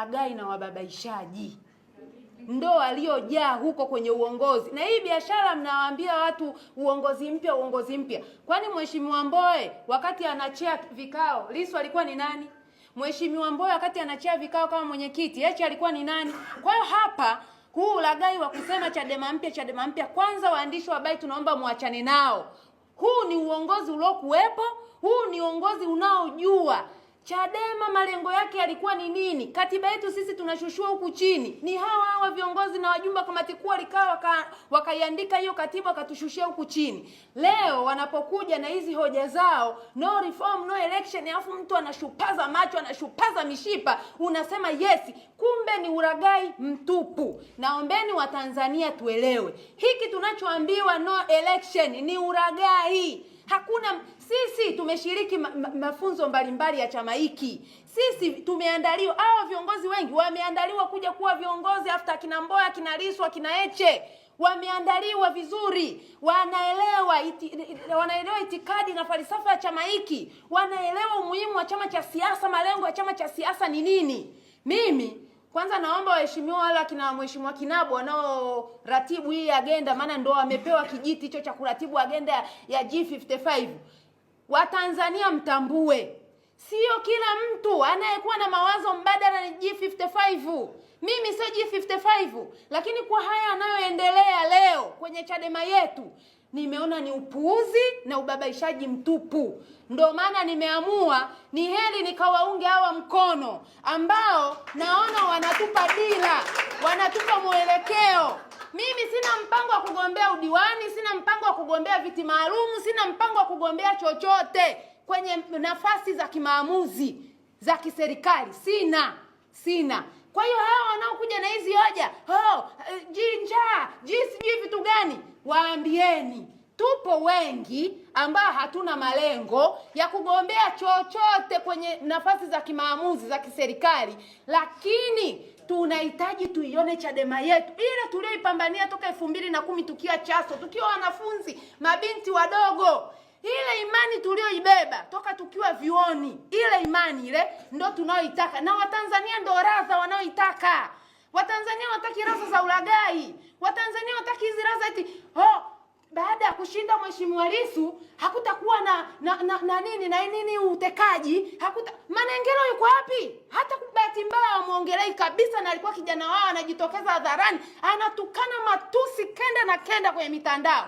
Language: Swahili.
walagai na wababaishaji, ndo waliojaa huko kwenye uongozi. Na hii biashara mnawaambia watu uongozi mpya, uongozi mpya. Kwani mheshimiwa Mboe wakati anachea vikao, Lissu alikuwa ni nani? Mheshimiwa Mboe wakati anachea vikao kama mwenyekiti, Heche alikuwa ni nani? Kwa hiyo hapa huu ulagai wa kusema Chadema mpya, Chadema mpya, kwanza waandishi wa habari tunaomba muachane nao. Huu ni uongozi uliokuwepo, huu ni uongozi unaojua Chadema malengo yake yalikuwa ni nini? Katiba yetu sisi tunashushua huku chini, ni hawa hawa viongozi na wajumbe wa kamati kuu walikaa wakaiandika hiyo katiba wakatushushia huku chini. Leo wanapokuja na hizi hoja zao no reform, no election, alafu mtu anashupaza macho anashupaza mishipa, unasema yes, kumbe ni uragai mtupu. Naombeni Watanzania tuelewe hiki tunachoambiwa, no election ni uragai tumeshiriki ma mafunzo mbalimbali ya chama hiki. Sisi tumeandaliwa, hawa viongozi wengi wameandaliwa kuja kuwa viongozi after kina Mboya, kina Lissu, kina Heche wameandaliwa vizuri, wanaelewa iti, wanaelewa itikadi na falsafa ya chama hiki, wanaelewa umuhimu wa chama cha siasa, malengo ya chama cha siasa ni nini. Mimi kwanza naomba waheshimiwa wale akina mheshimiwa Kinabo wanaoratibu hii agenda, maana ndio wamepewa kijiti hicho cha kuratibu agenda ya G55 Watanzania mtambue, sio kila mtu anayekuwa na mawazo mbadala ni G55. Mimi sio G55, lakini kwa haya yanayoendelea leo kwenye Chadema yetu nimeona ni upuuzi na ubabaishaji mtupu. Ndio maana nimeamua ni heri nikawaunge hawa mkono ambao naona wanatupa dira, wanatupa mwelekeo. Mimi sina mpango wa kugombea udiwani, sina mpango wa kugombea viti maalum, sina mpango wa kugombea chochote kwenye nafasi za kimaamuzi za kiserikali, sina sina. Kwa hiyo hawa wanaokuja na hizi hoja oh, eh, jinja njaa ji sijui vitu gani, waambieni tupo wengi ambao hatuna malengo ya kugombea chochote kwenye nafasi za kimaamuzi za kiserikali, lakini tunahitaji tuione Chadema yetu ile tulioipambania toka elfu mbili na kumi tukiwa Chaso, tukiwa wanafunzi mabinti wadogo, ile imani tulioibeba toka tukiwa vyuoni, ile imani ile ndo tunaoitaka, na Watanzania ndo raza wanaoitaka. Watanzania wataki raza za ulagai, Watanzania wataki hizi raza eti oh, baada ya kushinda Mheshimiwa Lissu hakutakuwa na na, na na nini na nini utekaji, hakuta Manengero yuko wapi hata bahati mbaya wamwongelei kabisa, na alikuwa kijana wao anajitokeza hadharani anatukana matusi kenda na kenda kwenye mitandao.